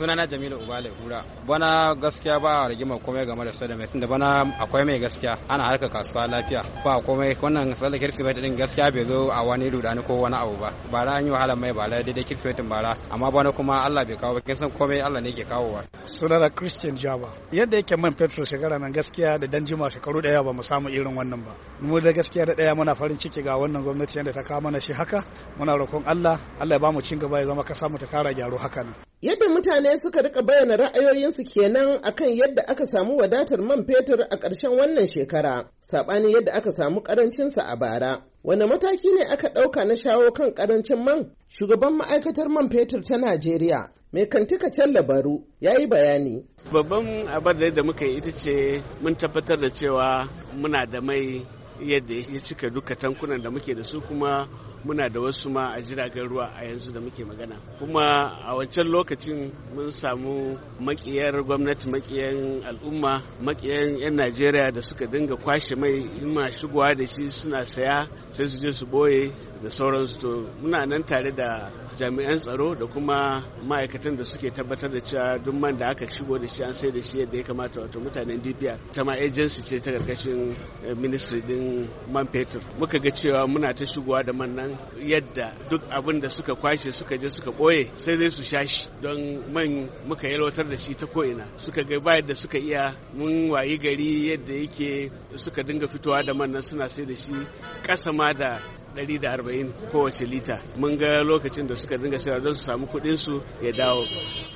sunana jamilu ubale hura bana gaskiya ba a rigima komai game da soda mai tunda bana akwai mai gaskiya ana harka kasuwa lafiya ba komai wannan sallar kirsimeti din gaskiya bai zo a wani rudani ko wani abu ba bara an yi wahala mai bara daidai kirsimetin bara amma bana kuma allah bai kawo kin san komai allah ne ke kawo kawowa sunana christian jaba yadda yake man petrol shekara nan gaskiya da dan jima shekaru daya ba mu samu irin wannan ba mu da gaskiya da daya muna farin ciki ga wannan gwamnati yadda ta kawo mana shi haka muna roƙon allah allah ya ba mu cin gaba ya zama kasa mu ta kara gyaro haka nan Yadda mutane suka rika bayyana ra'ayoyinsu kenan akan yadda aka samu wadatar man fetur a ƙarshen wannan shekara, saɓani yadda aka samu ƙarancinsa a bara. Wane mataki ne aka ɗauka na shawo kan ƙarancin man? Shugaban ma'aikatar man fetur ta Najeriya, mai kantika can labaru, ya yi bayani. Babban abar da muka yi ita ce mun tabbatar da cewa muna da mai yadda ya cika duka tankunan da muke da su kuma muna da wasu ma a jiragen ruwa a yanzu da muke magana kuma a wancan lokacin mun samu makiyar gwamnati makiyan al'umma makiyan 'yan najeriya da suka dinga kwashe mai ina ma shigowa da shi suna saya sai su je su boye da sauransu to muna nan tare da jami'an tsaro da kuma ma'aikatan da suke tabbatar da cewa duk man da aka shigo da shi an sai da shi yadda ya kamata wato mutanen DPR ta ma agency ce ta karkashin eh, ministry din man fetur muka ga cewa muna ta shigowa da man nan yadda duk abin da suka kwashe suka je suka boye sai dai su sha shi don man muka yalwatar da shi ta ko'ina suka ga ba yadda suka iya mun wayi gari yadda yake suka dinga fitowa da man nan suna sai da shi kasa ma da 140 kowace lita mun ga lokacin da suka dinga sayar don su samu kuɗin su ya dawo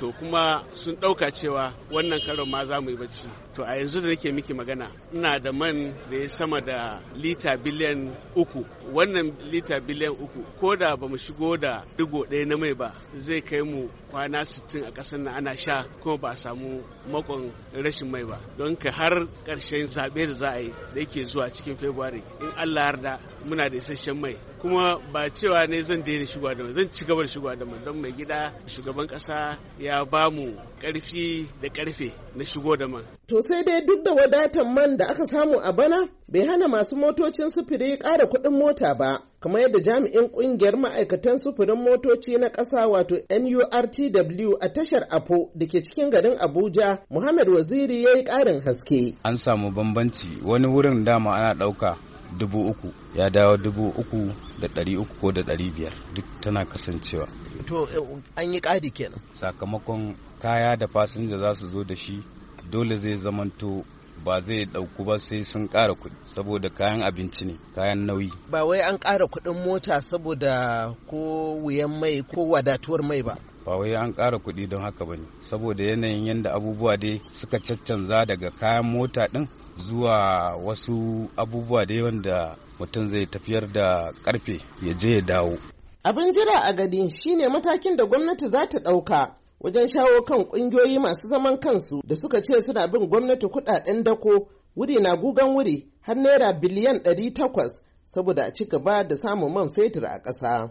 to kuma sun ɗauka cewa wannan karon ma za mu yi bacci to a yanzu da nake miki magana ina da man da ya sama da lita biliyan uku wannan lita biliyan uku ko da ba mu shigo da digo ɗaya na mai ba zai kai mu kwana 60 a ƙasar na ana sha kuma ba a samu makon rashin mai ba don ka har ƙarshen zaɓe da za a yi da yake zuwa cikin february in allah yarda muna da isasshen mai kuma ba cewa ne zan daina shigowa da mai zan ci gaba da shigowa da mai don mai gida shugaban ƙasa ya ba mu ƙarfi da ƙarfe na shigo da man. To sai dai duk da wadatan man da aka samu a bana bai hana masu motocin sufuri ƙara kuɗin mota ba. Kamar yadda jami'in ƙungiyar ma'aikatan sufurin motoci na ƙasa wato NURTW a tashar Apo da ke cikin garin Abuja, Muhammad Waziri ya yi ƙarin haske. An samu bambanci wani wurin dama ana ɗauka dubu uku ya dawo dubu uku da ɗari uku ko da ɗari biyar duk tana kasancewa. To an yi ƙari kenan. Sakamakon kaya da fasinja za su zo da shi dole zai zamanto ba zai ɗauku ba sai sun ƙara kuɗi saboda kayan abinci ne kayan nauyi ba wai an ƙara kuɗin mota saboda ko wuyan mai ko wadatuwar mai ba ba wai an ƙara kuɗi don haka ba ne saboda yanayin yadda abubuwa dai suka caccanza daga kayan mota ɗin zuwa wasu abubuwa dai wanda mutum zai tafiyar da ƙarfe ya je ya dawo abin jira a gadi shine matakin da gwamnati za ta ɗauka wajen shawo kan ƙungiyoyi masu zaman kansu da suka ce suna bin gwamnati kuɗaɗen dako wuri na gugan wuri har naira biliyan ɗari takwas saboda a ci gaba da samun man fetur a ƙasa.